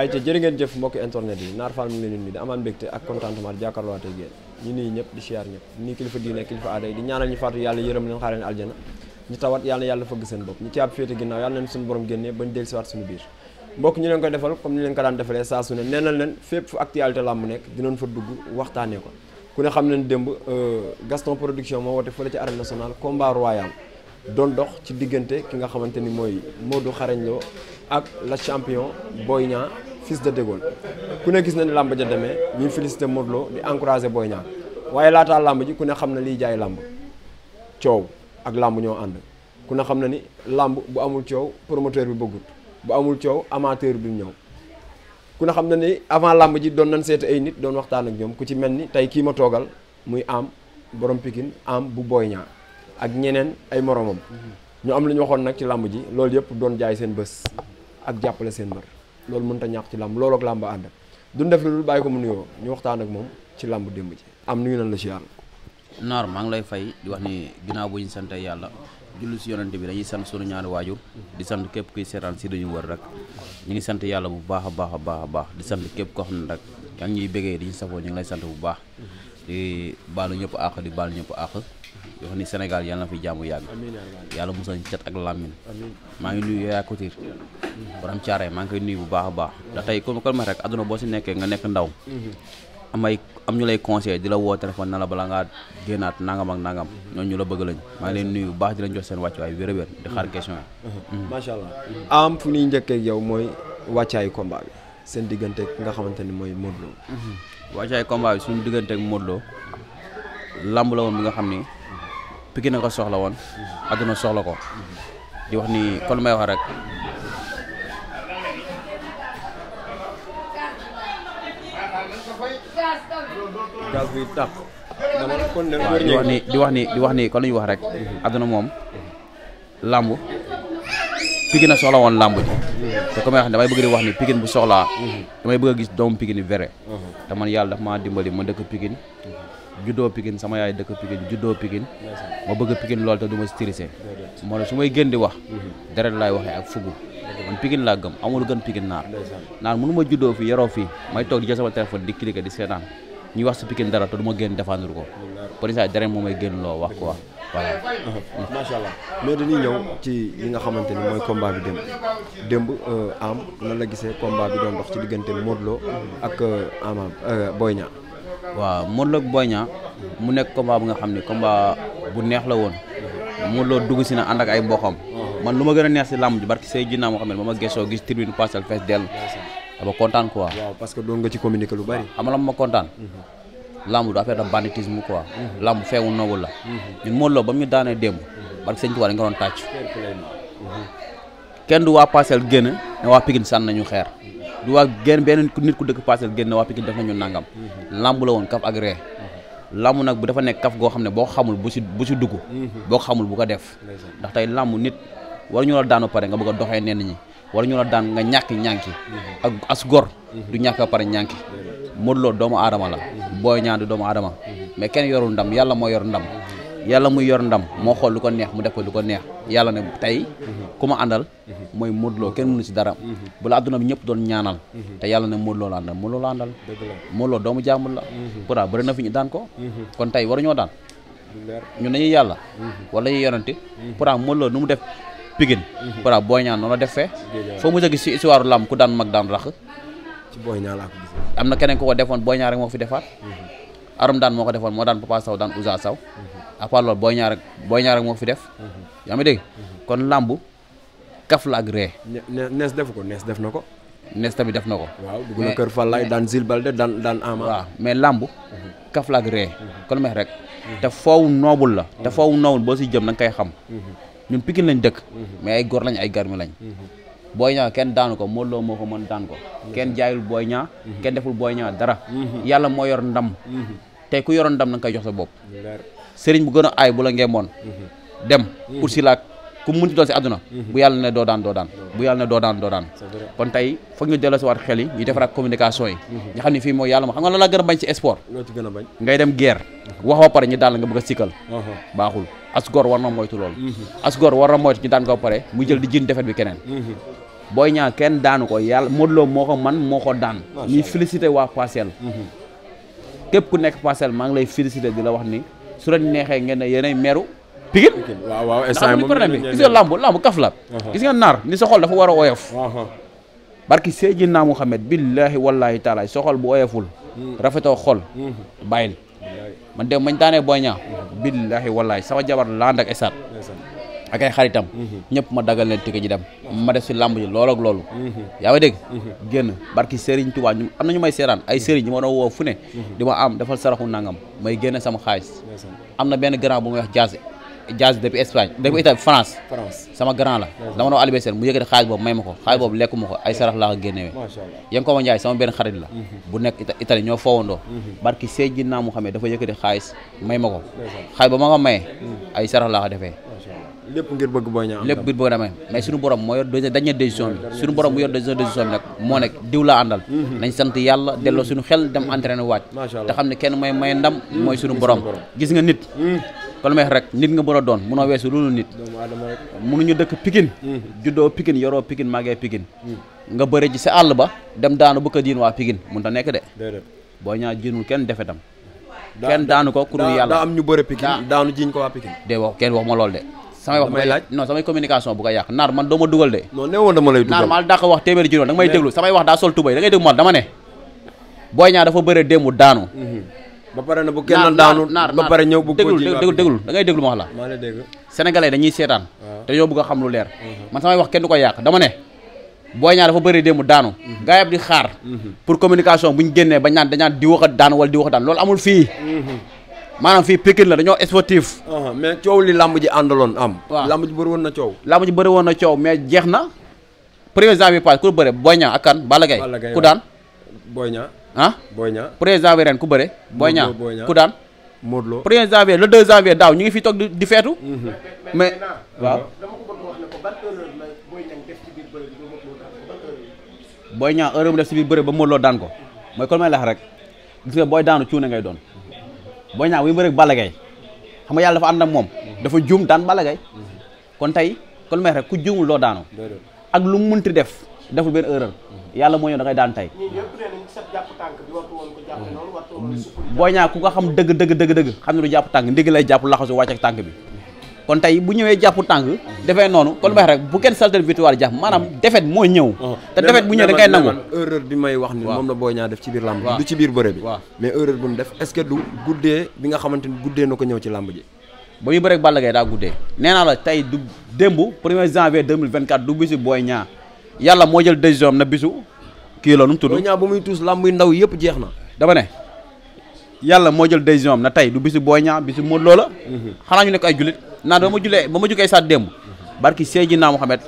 ayca jërë ngeen jëf mbokki internet yi Naar Fall mi ngi leen di amaan mbégte ak contentement di jàkkaarloowaat ak yéen ñu nuyu ñëpp di siyaar ñëpp nii kilifa diine kilifa aada yi di ñaanal ñu faatu yàlla yërëm leen xaareen aljana ñu tawat yàlla yàlla fëgg seen bopp ñu caab féete ginnaaw yàlla neen suñu borom génnee bañ dellu siwaat suñu biir mbokk ñu leen koy defal comme ni leen ko daan defalee saa su ne neenal leen fépp fu actualité làmb nekk fils de De Gaulle ku ne gis na ni làmb ja demee ñuy félicité Modou Lo di encouragé Boy Niang waaye laataa làmb ji ku ne xam na liy jaay làmb coow ak làmb ñoo ànd ku ne xam na ni làmb bu amul coow promoteur bi bëggut bu amul coow amateur bi ñëw ku ne xam na ni avant làmb ji doon nañ seeti ay nit doon waxtaan ak ñoom ku ci mel ni tey kii ma toogal muy am borom Pikine am bu Boy Niang ak ñeneen ay moromam mm-hmm. ñoo am lu ñu waxoon nag ci làmb ji loolu yëpp doon jaay seen bës ak jàppale seen loolu mënut a ñàkk ci làmb loolu ak làmb ànd duñ def lu bàyyi ko mu nuyoo ñu waxtaan ak moom ci làmb démb ji. am nuyu nañ la si yàlla. Naar maa ngi lay fay di wax ni ginnaaw bu ñu sant yàlla. jullu si yonante bi dañuy sant sunu ñaari waajur di sant képp kuy seetaan si dañu wër rek ñu ngi sant yàlla bu baax a baax a baax a baax di sant képp ko xam ne rek yaa ngi ñuy bégee di ñu safoo ñu ngi lay sant bu baax di baalu ñëpp àq di baalu ñëpp àq yoo xam ni Sénégal yàlla na fi jàmm yàgg yàlla musal ñu ak làmmin maa ngi nuyu Yaya Couture borom caare maa ngi koy nuyu bu baax a baax ndax tey comme comme rek àdduna boo si nekkee nga nekk ndaw mm-hmm. am ay am ñu lay di la woo téléphone na la bala ngaa génnaat nangam ak nangam mm-hmm. ñooñu ñu la maa ngi leen nuyu bu di lañ jox seen wàccuwaay wér a wér di xaar mm-hmm. question yi am fu ñuy njëkkee yow mooy wàccaayu combat bi seen diggante ki nga xamante ni mooy Modou Lo wàccaayu combat bi suñu diggante ak Modou Lo la woon bi nga xam ni Pikine na ko soxla woon àdduna soxla ko di wax ni kon may wax rek gaz di wax ni di wax ni di wax kon lu ñu wax rek àdduna moom làmb Pikine na soxla woon làmbu ji te comme may wax damay bëgg di wax ni Pikine bu soxla damay bëgg a gis doomu Pikine yi vrai te man yàlla daf maa dimbali ma dëkk Pikine juddoo Pikine sama yaay dëkk Pikine juddoo Pikine ma bëgg Pikine lool te du ma stressé moo ne su may génn di wax mhm. deret laay waxee ak fugu man Pikine laa gëm amul gën Pikine naar naan mënu ma juddoo fi fii may toog di jël sama téléphone di cliquer di seenaan ñuy wax si Pikine dara te du ma génn défendre ko pour ça deret moo may génn loo wax quoi voilà uh-huh. macha allah mais dañuy ñëw ci li nga xamante ni mooy combat bi démb démb uh, am nan la gisee combat bi doon dox ci diggante Modou Lo ak uh, Ama uh, Boy waaw Modou la ak Boy mu nekk combat bu nga xam ne combat bu neex la woon Modou loo dugg si na ànd ak ay mboxam man lu ma gën a neex si làmb ji barki say ginnaaw moo xam ne ba ma gesoo gis tribune parcelle fees dell dama ah kontaan quoi waaw parce que doon nga ci communiquer lu bari xam nga ma kontaan làmb du affaire de banditisme quoi làmb feewu nowul la ñun Modou Lo ba mu ñu daanee démb barki sëñ Tuubaa dañ ko doon tàcc kenn du waa parcelle génn ne waa Pikine sànn nañu xeer du waa genn benn nit ku dëkk Parcelles génn waa Pikine def nañu nangam lamb la woon kaf ak ree lamb nag bu dafa nekk kaf goo xam ne boo xamul bu si bu si dugg boo xamul bu ko def ndax tey lamb nit war ñu la daanu pare nga bëgg a doxee nenn ñi war ñu daan nga ñàkk ñànki ak as gor du ñàkk a pare ñànki Modou doomu aadama la Boy Niang du doomu aadama mais kenn yorul ndam yàlla moo yor ndam yàlla muy yor ndam moo xool lu ko neex mu def ko lu ko neex yàlla ne tey ku ma àndal mooy Modou kenn mënu si dara bu la adduna bi ñëpp doon ñaanal te yàlla ne Modou Lo la àndal Modou Lo la àndal Modou Lo doomu jàmbur la mhm. pourtant bëri na fi ñu daan ko mhm. kon tey waruñoo daan ñun yàlla mhm. wala ñuy yonante pourtant Modou Lo nu mu def Pikine pourtant Boy Niang noonu la def fee foo mu jëgi ci histoire làmb ku daan mag daan rax ci Boy Niang laa am na keneen ku ko defoon Boy Niang rek moo ko fi defaat aram daan moo ko defoon moo daan Papa Sow daan Ousa Sow à part loolu booy ñaar ak moo fi def. yaa ma de kon làmb kaf la ak ree. nees defu ko nees def na ko. nees tamit def na ko. waaw dugg na kër Fallaye daan Zil Balde daan daan Ama. mais làmb mhm. kaf la ak ree. Mhm. kon meex rek. te foofu noobul la. te mhm. foofu noobul boo si jëm da nga koy xam. ñun Pikine lañ dëkk. mais ay gor lañ ay garmi lañ. booy ñaa kenn daanu ko Modou Lo moo ko mën daan ko. kenn jaayul booy ñaa. kenn deful booy ñaa dara. yàlla moo yor ndam. tey ku yoroon ndam na nga koy jox sa bopp. sëriñ bu gën a aay bu la ngeemoon dem pour si la ku mu munti doon si àdduna bu yàlla ne doo daan doo daan bu yàlla ne doo daan doo daan kon tey foog ñu delloo si waat xel yi ñu defaraat communication yi ñu mhm. xam ne fii mooy yàlla ma xam nga la laa gën a bañ si sport ngay dem guerre wax pare ñu daal nga bëgg a sikkal uh-huh. baaxul asgor war na moytu loolu mhm. asgor war na moytu ñu daan ko pare mu jël di jin defet bi keneen mhm. booy ñaa kenn daanu ko yàlla moo su leen neexee ngeen ne yeneen meru Pikine waaw waaw instant moom problème bi gis nga lamb lamb kaf la uh-huh. gis nga naar ni sa xol dafa war a oyof uh-huh. barki Seydina Muhammad billaahi wallaahi taala sa xol bu oyoful hmm. rafetoo xol hmm. bàyyil man de mañ daanee boy ñaa hmm. billaahi wallaahi sama jabar laa ndak ak ay xaritam ñëpp ma dagal leen ticket ji dem ma def si làmb ji loolu ak loolu yaa ngi dégg génn barki Serigne Touba ñu am nañu may seeraan ay Serigne ñi ma doon woo fu ne di ma am defal saraxu nangam may génne sama xaalis am na benn grand bu may wax jaase jaase depuis Espagne depuis Italie France sama grand la dama doon anniversaire mu yëkkati xaalis boobu may ma ko xaalis boobu lekku ma ko ay sarax laa ko génnewee yéen ko ma njaay sama benn xarit la mhm. bu nekk Italie mhm. ma ma ko mayee mhm. ay lépp ngir bëgg Boy Niang lépp ngir bëgg dama mais suñu borom moo yor dañu décision bi suñu moo nekk diw laa àndal mhm. nañ sant yàlla delloo suñu xel dem entraîné waaj te xam ne kenn mooy may ndam mhm. mooy suñu borom gis nga nit mhm. kon may rek nit nga a doon munoo weesu loolu nit a diin de Boy Niang jiinul kenn defe kenn daanu ko kuru yàlla ñu bëri Pikine daanu jiiñ ko waa Pikine de wax kenn wax ma loolu de samay wax laaj non samay communication bu ko yàq naar man doo ma dugal de non newoon dama lay dugal naar maa daa sol mhm. ba na bu kenn daanu ba pare ñëw bu ko déglu déglu da ngay déglu ma wax la maa lay dégg sénégalais dañuy seetaan ah. te ñoo bëgg a xam lu leer mhm. man samay wax kenn ko yàq dama ne booy ñaar dafa bëre démb daanu mhm. gaa yab di xaar pour communication bu ñu génnee ba naan dañaan di wax daan wala di wax a daan loolu amul fii maanaam fii Pikine la dañoo sportif. Uh-huh, mais coow li làmb ji àndaloon am. waaw làmb ji bëri woon na coow. làmb ji bëri woon na coow mais jeex na président bi paase ku bëre Boy Niang ak kan Balla Gaye ku daan. Boy Niang ah. Boy ren ku bëre. Boy Niang ku daan. Modou Lo premier janvier le deux janvier daaw ñu ngi fi toog di feetu. Mm-hmm. mais waaw. Boy Niang heure mu def ci biir bëre ba Modou daan ko mooy kon may lax rek gis nga booy daanu cuune ngay doon. Boy Niang buy bëre ak Balla xam nga yàlla dafa ànd ak moom dafa juum daan Balla kon tey kon may rek ku juumul doo daanu ak lu mu munti def deful benn erreur mhm. yàlla moo ñëw da daan tey mm. Boy Niang ku ko xam dëgg dëgg dëgg xam ne du jàpp tànk ndigg lay jàpp laxasu wàcc ak tànk bi kon tey bu ñëwee jàpp tàng defee noonu kon wax rek bu kenn saltel victoire jàpp maanaam mm. defet moo ñëw oh, te defet bu ñëw da ngay nangu erreur bi may wax ni moom la Boy Niang def ci biir làmb du ci biir bëre bi mais erreur bu mu def est du guddee bi nga xamante ni guddee na ko ñëw ci làmb ji ba muy bëre ak Balla daa guddee nee naa la tey du démb premier janvier 2024 du bisu Boy Niang yàlla moo jël décision am na bisu kii la nu mu tudd Boy ba muy tuus làmb yu ndaw yëpp jeex na dama ne yàlla moo jël décision na tey du bisu boo ñaa bisu Modou Lo la mhm. xanaa ñu nekk ay jullit naan ba ma julee ba ma jógee saat démb mhm. barki Seydina Mohamed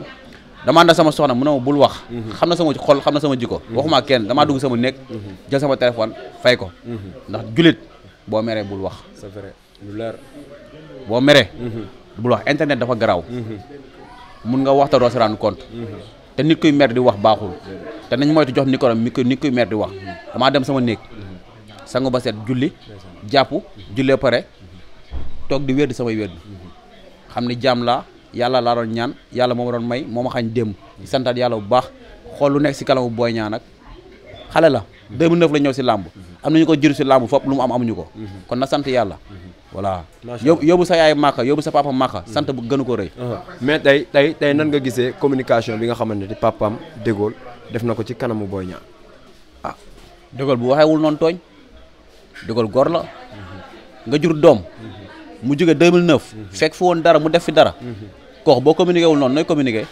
damaa ànd sama soxna mun ne ma bul wax mhm. xam na sama xol xam na sama jikko waxuma kenn dama dugg sama néeg jël sama téléphone fay ko ndax jullit boo meree bul wax c'est vrai lu boo meree bul wax internet dafa garaaw mun nga wax te doo si compte te nit kuy mer di wax baaxul te nañ moytu jox micro mi nit kuy mer di wax damaa dem sama néeg sangu ba set julli jàpp jullee pare toog di wérdi samay wérdi xam ni jaam laa yàlla laa doon ñaan yàlla moo ma doon may moo ma xañ démb di santaat yàlla bu baax xool lu nekk si kanamu booy ñaa nag xale la 2009 la ñëw si làmb am nañu ko jëru si làmb fop lu mu am amuñu ko kon na sant yàlla voilà yóbbu sa yaay màkka yóbbu sa papa màkka sant bu gënu ko rëy ah. mais tey tey tey nan nga gisee communication bi nga xamante ni papaam dégool def na ko ci kanamu Boy Niang ah, dégool bu waxeewul noonu tooñ dugal gor la nga jur doom mu jóge 2009 fekk fi woon dara mu def fi dara koox boo communiqué wul noonu nooy communiqué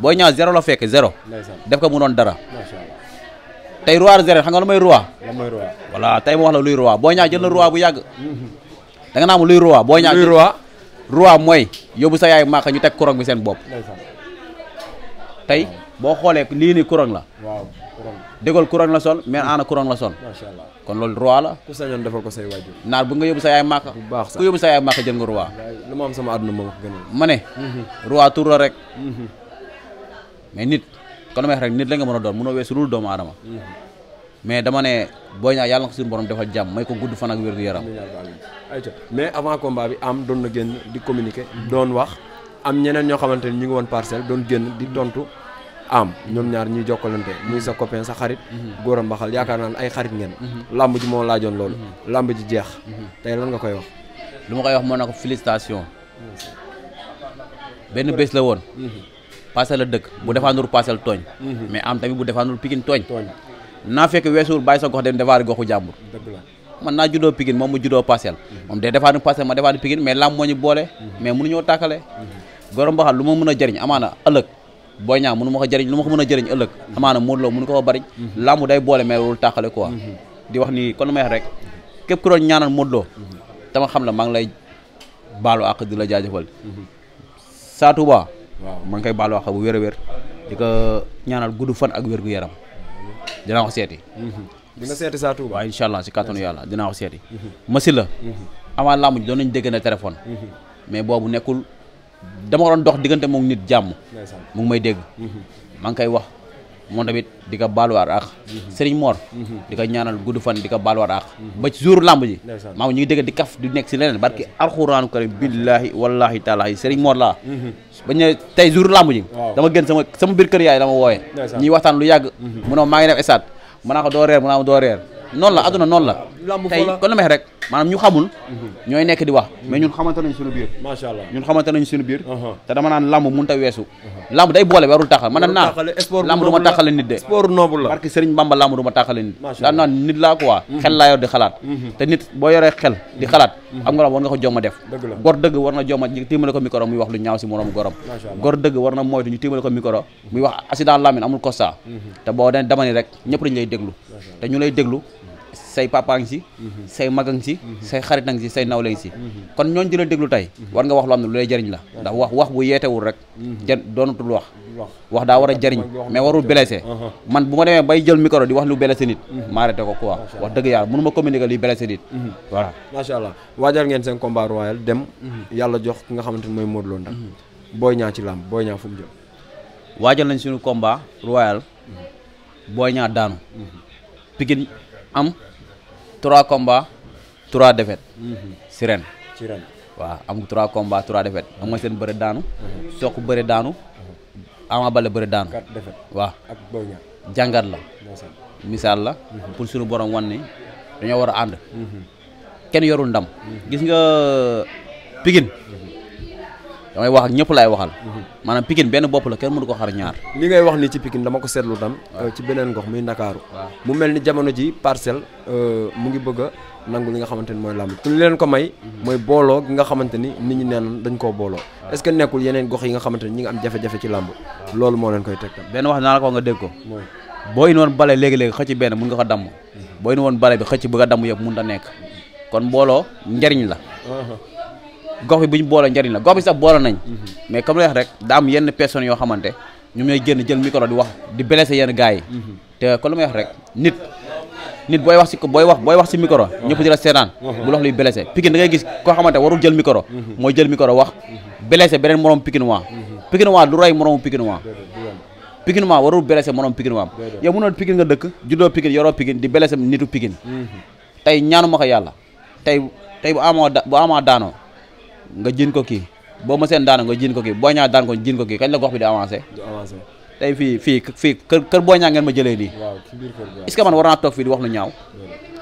boo ñaar zéro la fekk zéro def ko mu doon dara tey roi zéro xam nga la mooy roi voilà tey mu wax la luy roi booy ñaar jël na roi bu yàgg mhm. da nga naa ma luy roi booy ñaar roi roi mooy yóbbu sa yaay maaka ñu teg kurang bi seen bopp tey boo xoolee lii ni kurang la dégal couronne la sol mais ana couronne la sol macha allah kon loolu roi la ku sañoon defal ko say waajur naar bu nga yóbbu sa yaay màkk bu baax sax yaay màkk jël nga roi ma ne mhm. roi tur rek mhm. mais nit kon may rek nit la nga mën a doon mënoo weesu lul doomu aadama mhm. mais dama ne booy ñaa yàlla na ko suñu borom defal jàmm may ko gudd fan ak wér gu yaram mais avant combat bi am doon na génn di communiquer doon wax am ñeneen ñoo xamante ni ñu ngi woon parcelle doon génn di tontu am ñoom ñaar ñuy jokkalante muy sa copain sa xarit mhm. góor mbaxal yaakaar naan ay xarit ngeen mhm. làmb ji moo laajoon loolu mhm. làmb ji jeex tey lan nga koy wax lu ma koy wax moo na ko félicitation benn bés la woon parcelle la dëkk bu defaanul parcelle tooñ mais am tamit bu defaanul Pikine tooñ naa fekk weesuwul bàyyi sa gox dem defaari goxu jàmbur man naa juddoo Pikine moom mu juddoo parcelle moom day defaanu parcelle ma defaanu Pikine mais làmb moo lu ma mën a jëriñ amaana ëllëg Boy Niang mënu ma ko jëriñ lu ma ko mën a jëriñ ëllëg amaana Modou Lo mënu ko ko bariñ mhm. làmb day boole mais loolu tàqale quoi mhm. di wax ni kon may wax rek képp ku doon ñaanal Modou Lo mhm. dama xam la maa ngi lay baalu àq di la jaajëfal Sa Touba waaw maa ngi koy baalu àq bu wér a wér di ko ñaanal gudd fan ak wér gu yaram dinaa ko seeti dina seeti Sa Touba waaw incha allah si kàttanu yàlla dinaa ko seeti masi la avant làmb ji doon nañ dégg na téléphone mais boobu nekkul dama waroon dox diggante moom nit jàmm. mu ngi may dégg. Mm-hmm. maa ngi koy wax moom tamit di ko baaluwaat ak. Mm-hmm. Serigne Mor. Mm-hmm. di ko ñaanal gudd fan di ko baaluwaat ak. ba ci jour làmb ji. maa ngi ñu ngi dégg di kaf di nekk si leneen barki alxuraanu karim billaahi wallaahi taalaahi Serigne Mor laa. bañ ne tey jour làmb ji. dama gën sama sama biir kër yaay dama wooyee. ñuy waxtaan lu yàgg. mu a maa ngi def esaat. ma naa ko doo reer ma a ko doo reer. noonu la adduna noonu la. tey kon la meex rek maanaam ñu xamul mhm. ñooy nekk di wax mais ñun xamante nañ suñu biir uh-huh. te dama naan lamb mënut a weesu uh-huh. lamb day boole warul taxal man naan lamb du ma nit de sport noble la parce que nit daan naan nit laa quoi mhm. xel laa yor di xalaat mhm. te nit boo yoree xel di xalaat am nga war nga ko jom a def gor dëgg war na jom a tiimale ko micro muy wax lu ñaaw si moroom gorom gor dëgg war na moytu ñu tiimale ko micro muy wax say papa ngi si say mag ngi si say xarit si say nawle ngi si kon ñooñ di la déglu tey war nga wax lu am ne lu lay jëriñ la ndax wax wax bu yeetewul rek jë doonatul wax wax daa war a jëriñ mais warul blessé man bu ma demee bay jël micro di wax lu blessé nit ma arrêté ko quoi wax dëgg yàlla mënu ma communiquer luy blessé nit mhm. voilà macha allah waajal ngeen seen combat royal dem mhm. yàlla jox ki nga xamante ni mooy Modou loo ndax mhm. Boy Niang ci làmb Boy Niang fu mu jëm waajal nañ suñu combat royal daanu Pikine am trois combats trois défaites. Mhm. si ren. si ren waaw am trois combats trois défaites am nga seen bëre daanu. soq bëre daanu. Ama Baldé bëre daanu. quatre ak Boy jàngat la. misaal la. Mhm. pour suñu borom wan ni dañoo war a ànd. Mhm. kenn yorul ndam. gis nga Pikine. damay wax ak ñëpp laay waxal mhm. maanaam Pikine benn bopp la kenn mënu ko xar ñaar li ngay wax ni ci Pikine dama ko seetlu tam euh, ci beneen ngox muy Ndakaaru mu mel ni jamono ji parcelle euh, mu ngi bëgg a nangu li nga xamante ni mooy làmb li leen ko may mhm. mooy booloo gi nga xamante ni nit ñi neen dañ koo booloo est-ce que nekkul yeneen gox yi nga xamante ni ñi ngi am jafe-jafe ci làmb loolu moo leen koy tegtal benn wax naa la ko nga dégg ko boo indi woon bale léegi-léegi xëcc benn nga ko damm mhm. boo indi woon bale bi xëcc bëgg a damm yëpp mun nekk kon booloo njariñ la uh-huh. gox bi bu ñu boole njëriñ la gox bi sax boole nañ mais comme leex rek da am yenn personnes yoo xamante ñu may génn jël micro di wax di blessé yenn gars yi te ko lu may wax rek nit nit booy wax si booy wax booy wax si micro ñëpp di la seetaan bu wax luy blessé Pikine da ngay gis koo xamante warul jël micro mooy jël micro wax blessé beneen morom Pikine waa Pikine waa du roy moromu Pikine waa Pikine waa warul blessé morom Pikine nga dëkk juddoo Pikine yoroo Pikine nga jiin ko kii boo ma seen daana nga jiin ko kii boo ñaa daan ko jiin ko kii kañ la gox bi di avancé tey fii fii fii kër kër boo ñaa ngeen ma jëlee nii est-ce que man war naa toog fii di wax lu ñaaw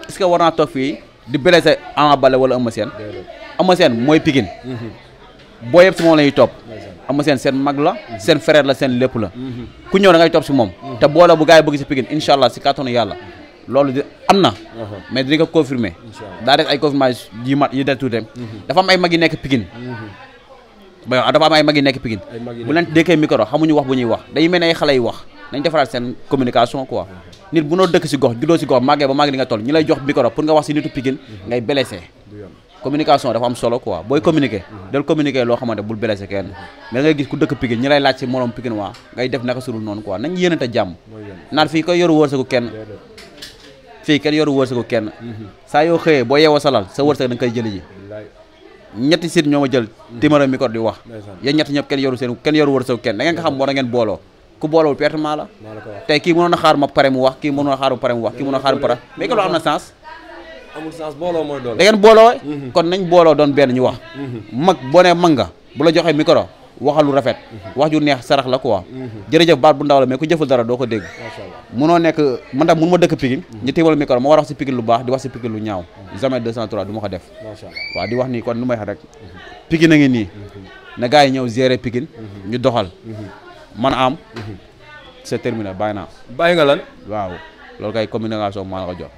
est-ce que war naa toog fii di blessé Ama Baldé wala Eumeu Sène Eumeu Sène mooy Pikine mhm. boo yëpp si moom la toog topp Eumeu Sène seen mag la mhm. seen frère la seen lépp la mhm. ku ñëw da ngay topp si moom te boola bu gars yi bëgg si Pikine incha allah si kàttanu yàlla loolu di am na. Uh-huh. mais dinañ ko confirmer. daa def ay confirmation yi mat yi des ay mag yi nekk Pikine. ba dafa am ay mag yi nekk Pikine. Uh-huh. bu leen dékkee micro xamuñu wax bu ñuy wax day mel ne ay xale yu wax nañ defaraat seen si uh-huh. gox juddoo si gox màggee ba màggee li nga toll ñu lay jox micro pour nga wax si nitu Pikine ngay blessé. communication dafa am solo quoi booy communiquer del communiquer loo xamante bul blessé kenn mais da ngay gis ku dëkk Pikine ñi lay laaj si morom Pikine waa ngay def naka sudul noonu quoi nañ yéenante jàmm naan fii koy yoru wërsëgu kenn fii kenn yoru wërsëgu kenn saa yoo xëyee boo yeewoo salal sa wërsëg da nga koy jëli ji ñetti sit ñoo ma jël téméra mi di wax yéen ñetti ñëpp kenn yoru seen kenn yoru wërsëgu kenn da ngeen xam moo da booloo ku boolowul pertement la tey kii mënoon a xaar ma pare mu wax kii mënoon a xaar ma pare mu wax kii mënoon a xaar mu pare mais que loolu am na sens amul booloo mhm. kon nañ booloo doon benn ñu wax mhm. mag boo nee mag nga bu la joxee micro waxalu rafet mhm. wax ju neex sarax la ko quoi mhm. jërëjëf baat bu ndaw la mais ku jëful dara doo ko dégg munoo nekk man tam mun ma dëkk Pikine mhm. ñu téemal micro ma war a wax si Pikine lu baax di wax si Pikine lu ñaaw jamais 203 du ma ko def waaw di wax nii kon lu may wax rek Pikine a ngi nii na gars yi ñëw gérer Pikine ñu doxal man am c'est terminé bàyyi naa bàyyi nga lan waaw loolu kay communication maa la ko jox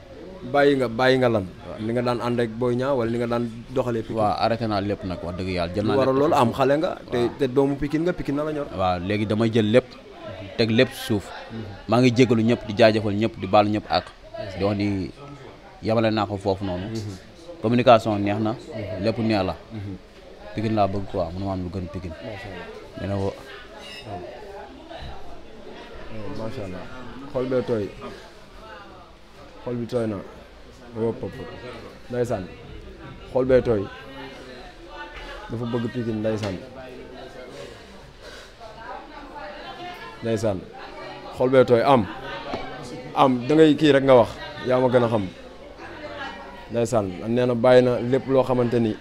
bàyyi nga bàyyi nga lan. li nga daan ànd ak Boy Niang wala li nga daan doxalee. Pikine waaw arrêté naa lépp nag wax dëgg yàlla. jël naa waral loolu am xale nga. te doomu Pikine nga Pikine na la ñor. waaw léegi damay jël lépp. teg lépp suuf. maa ngi jégalu ñëpp di jaajëfal ñëpp di baalu ñëpp ak. di wax ni yamale naa ko foofu noonu. communication neex na. lépp neex la. Pikine laa bëgg quoi am lu gën Pikine. macha allah ko. macha allah xol bee tooy. xol bi tooy na wopp ndeysaan xol bee tooy dafa bëgg Pikine ndeysaan ndeysaan xol bee tooy am am da ngay kii rek nga wax yaa ma gën a xam ndeysaan nee na bàyyi na lépp loo xamante ni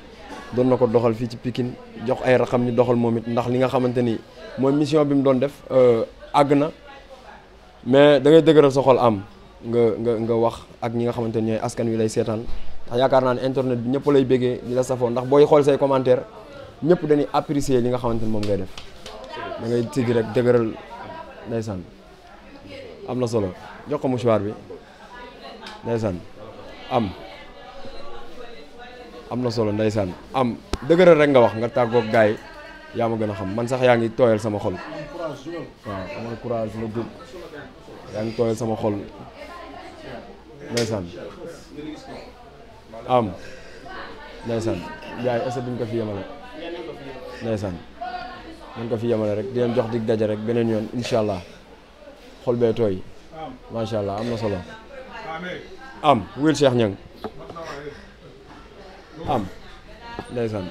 doon na ko doxal fii ci pikin jox ay raxam ñu doxal moom it ndax li nga xamante ni mooy mission bi mu doon def euh, àgg na mais dangay ngay dëgëral sa xol am nga nga nga wax ak ñi nga xamante ne ñooy askan wi lay seetaan ndax yaakaar naa ni internet bi ñëpp lay bëggee di la safoo ndax booy xool say commentaire ñëpp dañuy apprécier li nga xamante ne moom ngay def da ngay sigg rek dëgëral ndeysaan am na solo jox ko mouchoir bi ndeysaan am am na solo ndeysaan am dëgëral rek nga wax nga tàggoog gars yi yaa ma gën a xam man sax yaa ngi tooyal sama xol waaw amal la yaa ngi tooyal sama xol ndeysaan am ndeysaan yaay est-ce que duñ ko fi yemale ndeysaan nañ ko fi yemale rek di jox dig daje rek beneen yoon incha allah xol bee tooy macha allah am na solo am wéel Cheikh Niang am ndeysaan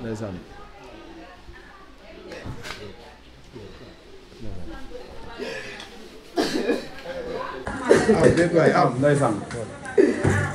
ndeysaan am déet waay am ndeysaan